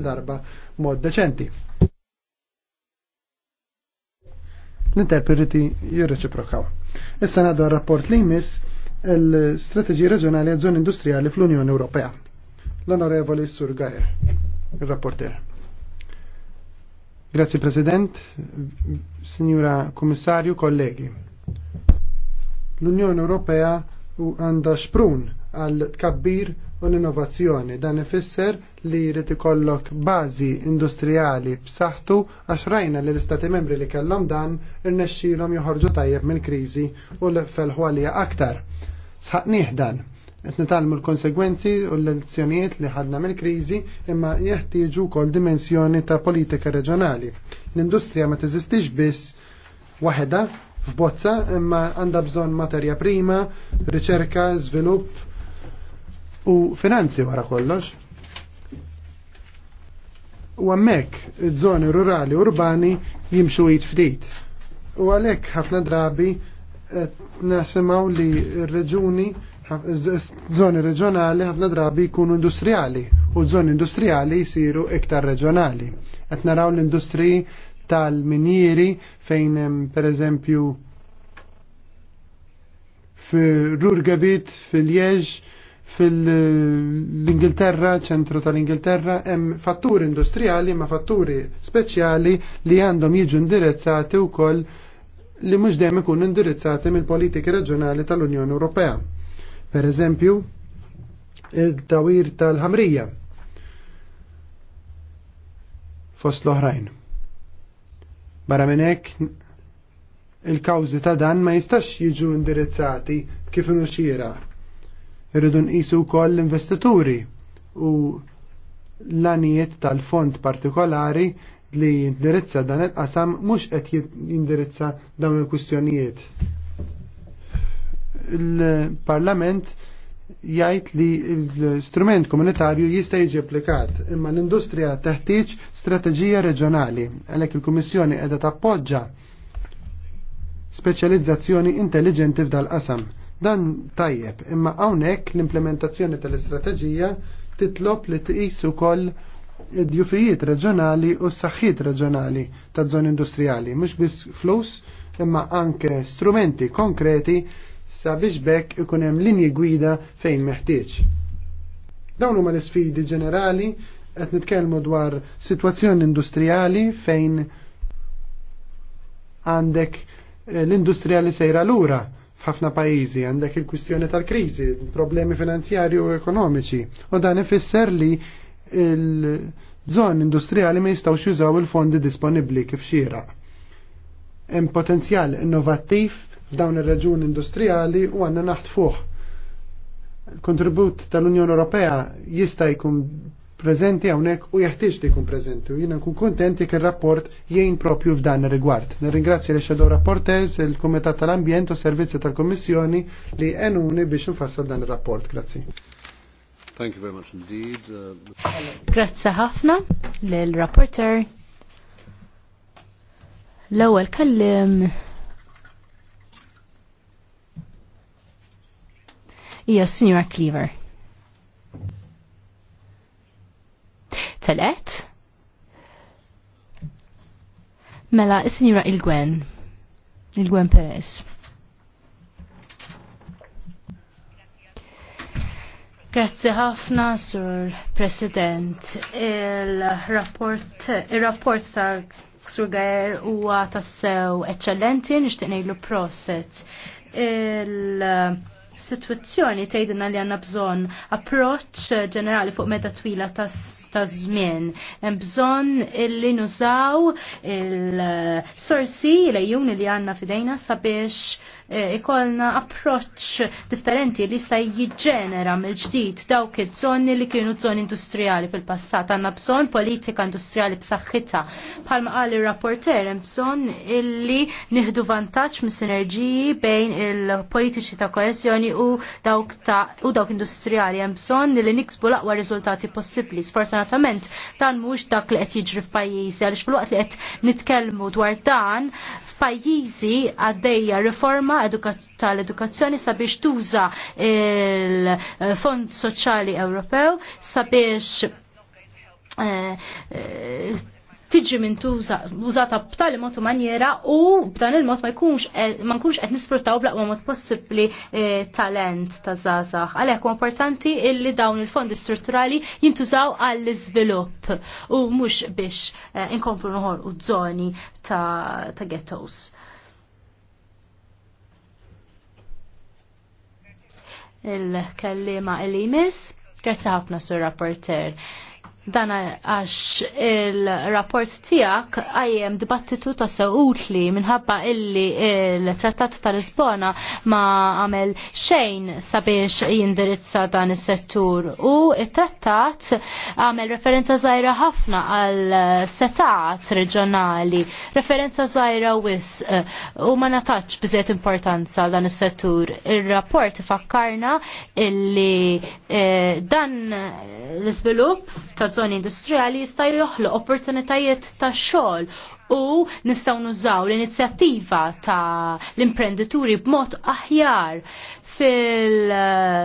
darba mod deċenti. L-interpreti jirreċiprokaw. Issa nadu rapport li jmiss l-Strategji Reġjonali għad Zon Industrijali fl-Unjoni Ewropea. L-Onorevoli Sur Gajer, il-rapporter. Grazie President, Signora Kommissarju, kollegi. L-Unjoni Ewropea għanda xprun għal tkabbir u l-innovazzjoni. Dan ifisser li jrid ikollok bażi industrijali b'saħħtu għax rajna li l-istati membri li kellhom dan irnexxielhom joħorġu tajjeb mill-kriżi u l-felħu għalija aktar. Sħaqnieh dan. Qed nitalmu l-konsegwenzi u l-lezzjonijiet li ħadna mill-kriżi imma jeħtieġu wkoll dimensjoni ta' politika reġjonali. L-industrija ma teżistix biss waħda f'bozza imma għandha bżonn materja prima, riċerka, żvilupp, u finanzi wara kollox. U għammek żoni rurali urbani jimxu jitfdit. U għalek ħafna drabi nasimaw li reġuni zoni reġjonali ħafna drabi jkunu industrijali u zoni industrijali jisiru iktar reġjonali. Qed naraw l-industriji tal-minjeri fejn per eżempju fil-Rurgabit, fil-Jeġ, fil Fil-Ingilterra, ċentru tal-Ingilterra, hemm fatturi industrijali ma fatturi speċjali li għandhom jiġu indirizzati wkoll li mhux dejjem ikunu indirizzati mill-politiki reġjonali tal-Unjoni Ewropea. Per eżempju, il-tawir tal-ħamrija fost l-oħrajn. Barra minn hekk il-kawżi ta' dan ma jistax jiġu indirizzati kif inhu Irridu nqisu wkoll l-investituri u l-anijiet tal-fond partikolari li jindirizza dan il-qasam mhux qed jindirizza dawn il-kwistjonijiet. Il-Parlament jgħid li l-strument komunitarju jista' jiġi applikat, imma l-industrija teħtieġ strateġija reġjonali għalhekk il-Kummissjoni qiegħda tappoġġa speċjalizzazzjoni intelligenti f'dal qasam. Dan tajjeb, imma hawnhekk l-implementazzjoni tal-istrateġija titlob li tqis ukoll id-djufijiet reġjonali u s-saħħiet reġjonali ta' żoni industrijali, mhux biss flus imma anke strumenti konkreti sabiex bekk ikun hemm linji gwida fejn meħtieġ. Dawn huma l-isfidi ġenerali qed nitkellmu dwar sitwazzjoni industrijali fejn għandek eh, l-industrija li sejra lura Ħafna pajjiżi għandek il-kwistjoni tal-kriżi, problemi finanzjari u ekonomiċi. U dan ifisser li il-żon industrijali ma jistgħux jużaw il-fondi disponibbli kif xieraq. Hemm potenzjal innovattiv f'dawn ir reġun industrijali u għandna fuq. Il-kontribut tal-Unjoni Ewropea jista' jkun prezenti hawnhekk u jeħtieġ li jkun prezenti u jiena nkun kontenti kif ir-rapport jgħin propju f'dan rigward Nirringrazzja li shadow rapportez, il-Kumitat tal-Ambjent u Servizzi tal-Kommissjoni li għenuni biex nfassal dan ir-rapport. Grazzi. Thank you very much indeed. Grazzi ħafna lill-rapporter. L-ewwel kellim Yes, Signora Cleaver. telet. Mela, is-sinjura il-Gwen. Il-Gwen Perez. Grazzi ħafna, Sur President. Il-rapport il rapport ta' Sur Gajer huwa tassew eċċellenti, nixtieq ngħidlu proset. Il- situazzjoni tgħidilna li għandna bżonn approċċ ġenerali fuq meta twila ta' żmien. Hemm bżonn illi nużaw il-sorsi lejjun li għandna fidejna sabiex eh, ikolna approċċ differenti li sta' jiġġenera mill-ġdid dawk iż-żoni li kienu żoni industrijali fil-passat. Għandna bżonn politika industrijali b'saħħitha. Bħalma qal ir-rapporter hemm bżonn illi nieħdu vantaġġ mis-sinerġiji bejn il-politiċi ta' koesjoni u dawk, ta, u dawk industrijali hemm bżonn li niksbu l-aqwa riżultati possibbli. Sfortunatament dan mhux dak li qed jiġri f'pajjiżi għaliex fil-waqt li qed nitkellmu dwar dan f'pajjiżi għaddejja riforma tal-edukazzjoni sabiex tuża il-Fond Soċjali Ewropew sabiex eh, eh, tiġi minn użata b'tali mod manjera u b'dan il-mod ma jkunx e, ma nkunx qed nisfruttaw bl-aqwa mod possibbli e, talent ta' żgħażagħ. Għalhekk huwa importanti illi dawn il-fondi strutturali jintużaw għall-iżvilupp u mhux biex e, inkomplu u żoni ta' ghettos. il-kellima il-imis. Grazie ħafna sur rapporter dan għax il-rapport tijak għajem dibattitu ta' sewutli minħabba illi il-trattat ta' Lisbona ma għamel xejn sabiex jindirizza dan is settur u il-trattat għamel referenza zaħira ħafna għal setat reġjonali referenza zaħira wis u ma nataċ bizet importanza dan is settur il-rapport fakkarna illi eh, dan l-izvilup ta' zoni industrijali jista' joħlo opportunitajiet ta' xogħol u nistgħu nużaw l-inizjattiva ta' l-imprendituri b'mod aħjar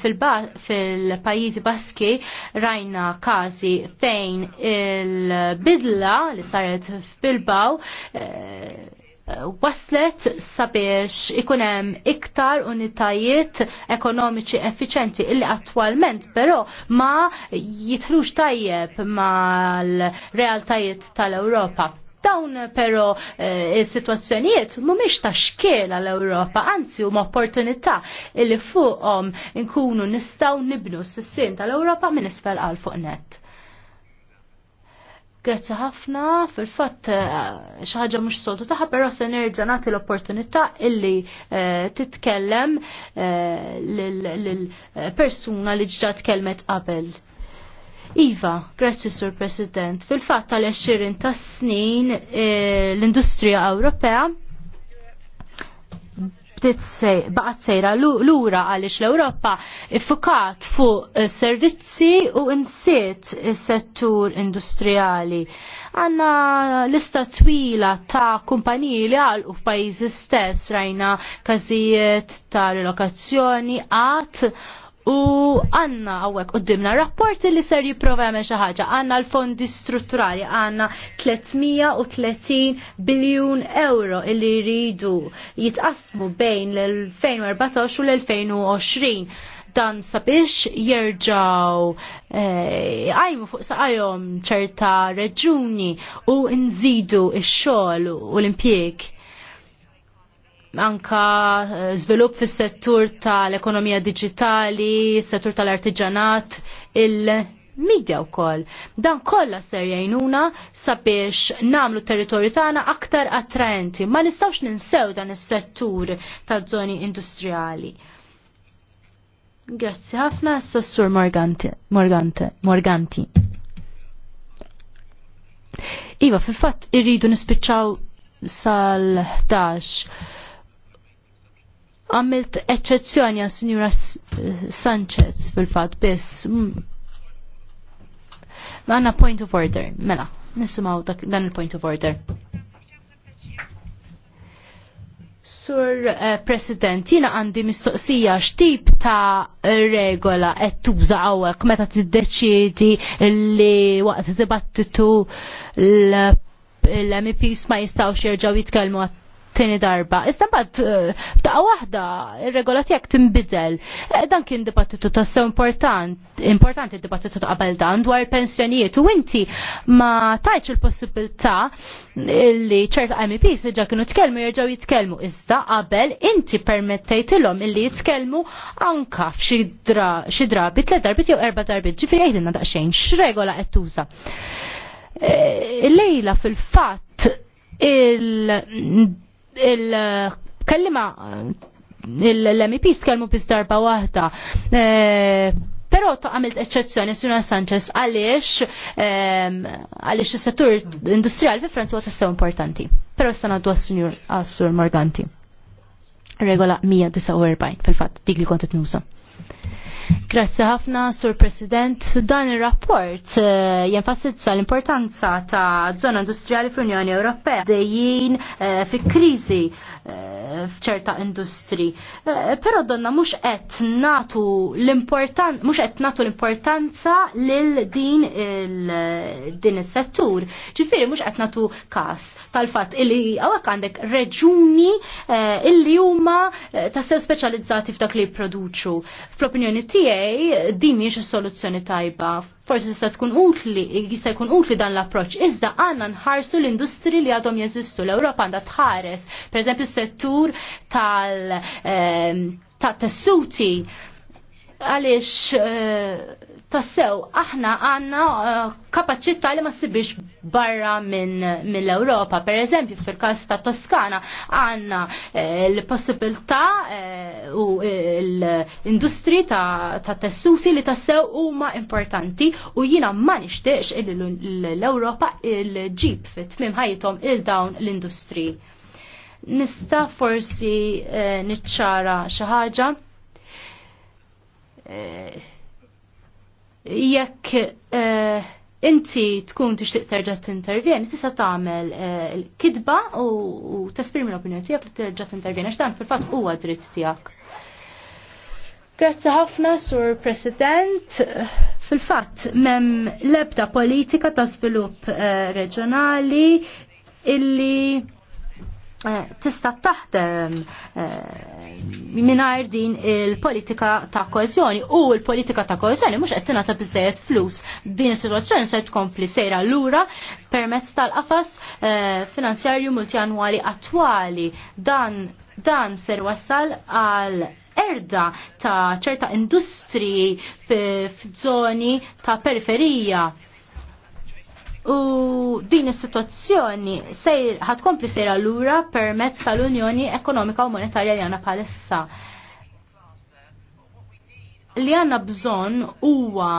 fil pajjiżi baski rajna każi fejn il-bidla li saret f'Bilbaw eh, waslet sabiex ikunem iktar unitajiet ekonomiċi effiċenti illi attualment però ma jitħlux tajjeb mal-realtajiet tal-Europa. Dawn però e, eh, situazzjonijiet mhumiex ta' xkiel għal europa anzi huma opportunità illi fuqhom inkunu nistgħu nibnu s-sin tal-Ewropa minn isfel għal fuq net. Grazzi ħafna, fil-fatt eh, xaħġa mux soltu taħ, pero se nerġa nagħti l-opportunità illi eh, titkellem eh, l-persuna li ġġa tkellmet qabel. Iva, grazzi Sur President, fil-fatt tal-20 tas snin l-industrija Ewropea Baqat baqgħet sejra lura għaliex l-Ewropa ifukat fuq eh, servizzi u insiet is-settur industrijali. Għanna lista twila ta' kumpaniji li u f'pajjiżi stess rajna każijiet ta' relokazzjoni għat U għanna għawek u dimna rapporti li ser jiprofa jgħamil xaħġa. Għanna l-fondi strutturali, għanna 330 biljun euro illi jridu jitqasmu bejn l-2014 u l-2020 dan sabiex jirġaw eh, għajmu fuq saqajom ċerta reġuni u nżidu ix-xogħol u l-impjeg anka żvilupp eh, fis-settur tal-ekonomija digitali, settur tal-artiġanat, il-medja wkoll. Dan kollha ser jgħinuna sabiex namlu territorju tagħna aktar attraenti. Ma nistgħux ninsew dan is-settur taż-żoni industrijali. Grazzi ħafna s Morgante, Morganti. Iva, fil-fatt irridu nispiċċaw sal-11 għamilt eccezzjoni għas Signora Sanchez fil-fat biss. Mm. għanna point of order, mela, nisimaw dan il-point of order. Sur uh, President, jina għandi mistoqsija x'tip ta' regola qed tuża hawnhekk meta tiddeċiedi li waqt dibattitu l-MPs ma jistgħux jerġgħu jitkellmu tini darba. Issa mbagħad eh, ftaqa waħda il regola tiegħek tinbidel. Eh, dan kien dibattitu tassew importanti, importanti dibattitu ta' qabel dan dwar pensjonijiet u inti ma tajtx il-possibilità li ċerta MEPs seġa kienu tkellmu jirġaw jitkellmu issa qabel inti permettejtilhom illi jitkellmu anka f'xi drabi tliet darbit jew erba' darbit ġifieri jgħidilna daqsxejn x'regola qed tuża. Eh, Lejla fil-fatt il il-kellima l kellmu skelmu darba waħda. E, Pero ta' għamilt eccezzjoni Sina Sanchez għaliex e, għaliex il-settur industrial fi Franzu għata sew importanti. Pero s-sana għaddu għas-Sur Morganti. Regola 149 fil-fat, dik li kontet nusa. Grazzi ħafna, Sur President. Dan il-rapport eh, jenfasizza l-importanza ta' zona industrijali fl-Unjoni Ewropea dejjin eh, fi krizi eh, fċerta industri. Eh, però donna mhux qed natu l-importanza mhux qed natu l-importanza lil din din is-settur. Ġifieri mhux qed natu każ tal-fatt illi hawnhekk għandek reġuni eh, illi huma eh, tassew speċjalizzati f'dak li jipproduċu. Fl-opinjoni tiegħi din mhijiex is-soluzzjoni tajba forsi tista' tkun utli, jista' jkun utli dan l-approċ. Iżda għandna nħarsu l-industri li għadhom jeżistu. L-Ewropa għandha tħares, pereżempju s-settur tal- eh, tessuti għaliex eh, tassew aħna għanna eh, kapacità li ma sibix barra minn min l-Europa. Per eżempju, fil-kas ta' Toskana għanna eh, l-possibilità u l-industri ta', ta tessuti li tassew huma importanti u jina ma nishtiex l-Europa il-ġib fit-tmim ħajjithom il-dawn l-industri. Nista forsi nitċara xi ħaġa jekk eh, inti tkun tixtieq terġa' tintervjeni, tista' tagħmel eh, kidba u tesprimi l-opinjoni tiegħek li terġa' tintervjeni għax dan fil-fatt huwa dritt tiegħek. Grazzi ħafna, Sur President. Fil-fatt, mem lebda politika ta' svilupp eh, reġjonali illi Eh, tista' taħdem eh, mingħajr din il-politika ta' koesjoni u l-politika ta' koesjoni mhux qed tingħata biżejjed flus. Din is-sitwazzjoni se tkompli sejra l-ura permezz tal-qafas eh, finanzjarju multjanwali attwali. Dan dan ser wassal għal erda ta' ċerta industriji f'żoni ta' periferija U din is-sitwazzjoni sejr ħatkompli sejra lura permezz tal-Unjoni Ekonomika u Monetarja li għandna bħalissa. Li għandna bżonn huwa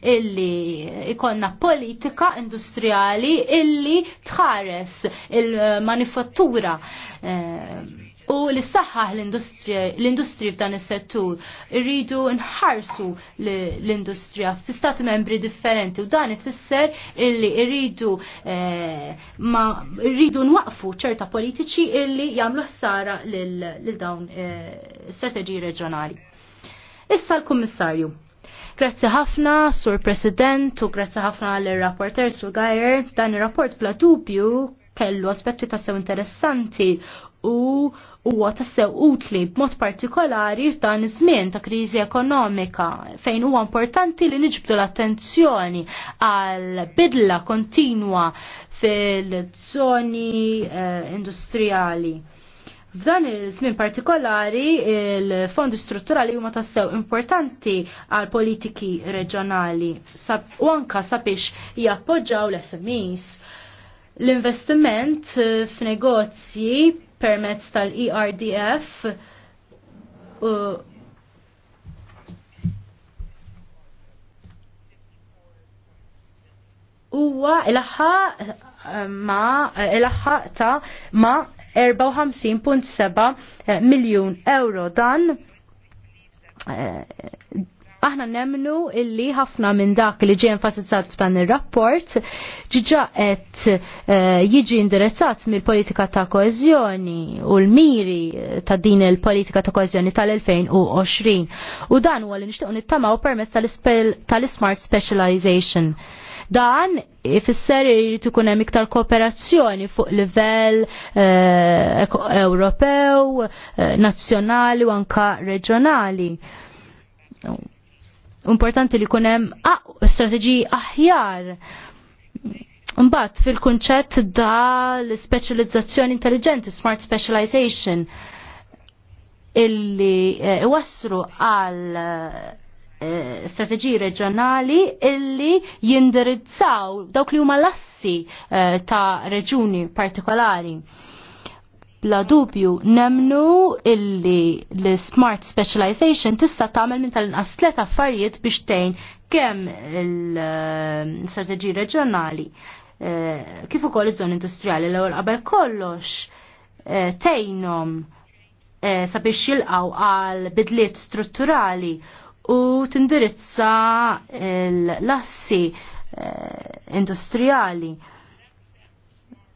illi ikonna politika industrijali illi tħares il-manifattura. Eh, u l-saħħaħ l-industri f'dan is-settur. Irridu nħarsu l-industrija f'istat membri differenti u dan ifisser illi irridu eh, ma irridu nwaqfu ċerta politiċi illi jagħmlu ħsara lil dawn eh, strateġiji reġjonali. Issa l-Kummissarju. Grazzi ħafna, Sur President, u grazzi ħafna l rapporter Sur Gajer. Dan ir-rapport bla dubju kellu aspetti tassew interessanti u huwa tassew utli b'mod partikolari f'dan iż-żmien ta' kriżi ekonomika fejn huwa importanti li niġbdu l-attenzjoni għal bidla kontinwa fil-żoni eh, industrijali. F'dan iż żmien partikolari il-fondi strutturali huma tassew importanti għal politiki reġjonali u anka sabiex jappoġġaw l-SMEs. L-investiment eh, f'negozji permezz tal-ERDF eh, huwa il-ħa eh, ma il-ħa ta' ma 54.7 miljon euro dan Aħna nemnu illi ħafna minn dak li ġie enfasizzat f'dan ir-rapport ġiġa qed eh, jiġi indirizzat mill-politika ta' koeżjoni u l-miri eh, ta' din il-politika ta' koezjoni tal-2020. U dan huwa li nixtiequ nittamaw permezz tal-Smart Specialization. Dan ifisser irid ikun hemm iktar kooperazzjoni fuq livell eh, Ewropew, nazzjonali u anka reġjonali importanti li kunem strateġiji aħjar. Mbagħad fil-kunċett da l specializzazzjoni intelligenti, smart specialization, illi eh, iwassru għal eh, strateġiji reġjonali illi jindirizzaw dawk li huma lassi eh, ta' reġuni partikolari bla dubju nemnu illi l-smart specialization tista' tagħmel minn tal-inqas tlet affarijiet biex tgħin kemm il-strateġiji reġjonali eh, kif ukoll iż-żoni industrijali l-ewwel qabel kollox eh, tgħinhom eh, sabiex jilqgħu għal bidliet strutturali u tindirizza l-assi eh, industrijali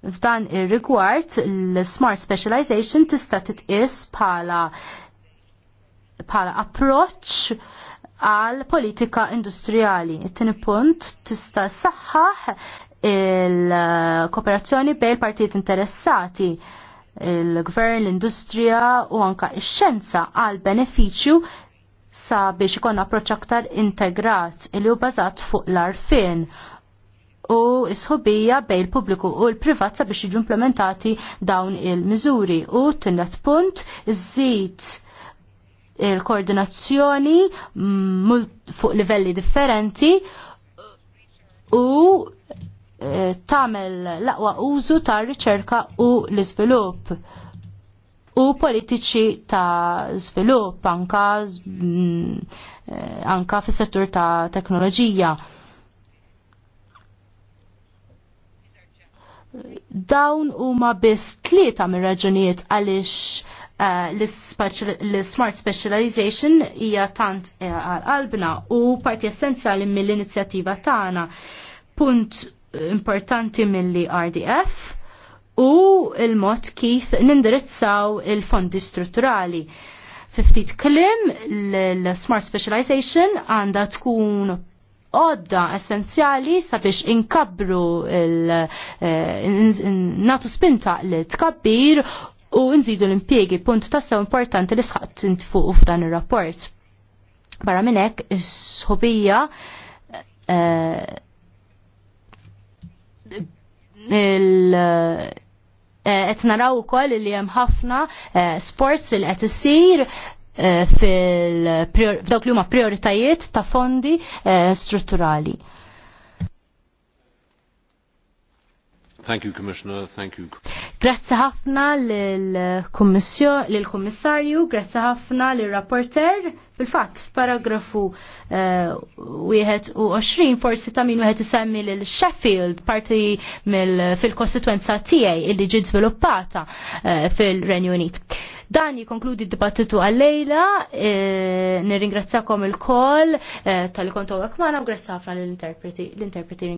F'dan ir-rigward l-Smart Specialization tista' titqis bħala bħala approċċ għal politika industrijali. It-tieni punt tista' saħħaħ il-kooperazzjoni bejn partijiet interessati il-gvern, l-industrija u anka ix-xenza għal beneficju sa biex ikon approċċ aktar integrat il hu bazat fuq l-arfin u sħobija bej il-pubbliku u l-privat sabiex jiġu implementati dawn il-miżuri. U t-tindat punt żid il-koordinazzjoni mm, fuq livelli differenti u e, tamel laqwa użu ta' riċerka u l-izvilup u politiċi ta' zvilup anka, mm, e, anka fis settur ta' teknoloġija. Dawn huma biss tlieta mir-raġunijiet għaliex Uh, l-Smart Specialization hija tant eh, għal-qalbna u parti essenzjali mill-inizjattiva tagħna. Punt importanti mill RDF u il-mod kif nindirizzaw il-fondi strutturali. Fiftit klim l-Smart Specialization għanda tkun għodda essenzjali sabiex inkabru il-natu eh, spinta li tkabbir u nżidu l-impiegi punt tassew importanti li sħat u f'dan ir-rapport. Barra minn hekk is-sħobija eh, il eh, qed naraw ukoll li hemm ħafna sports li qed isir Eh, fil-dawk li huma prioritajiet ta' fondi eh, strutturali. Thank you, Commissioner. Thank you. Grazie ħafna lill-Kummissarju, grazie ħafna lill-Rapporter. Bil-fatt, paragrafu eh, wieħed u forsi ta' min wieħed isemmi l Sheffield parti fil-kostituenza tiegħi illi ġiet żviluppata fil-Renju Unit. Dan jikonkludi d-dibattitu għallejla, e, nirringrazzakom il-koll e, tal-kontu għakmana u grazzafna l-interpreti.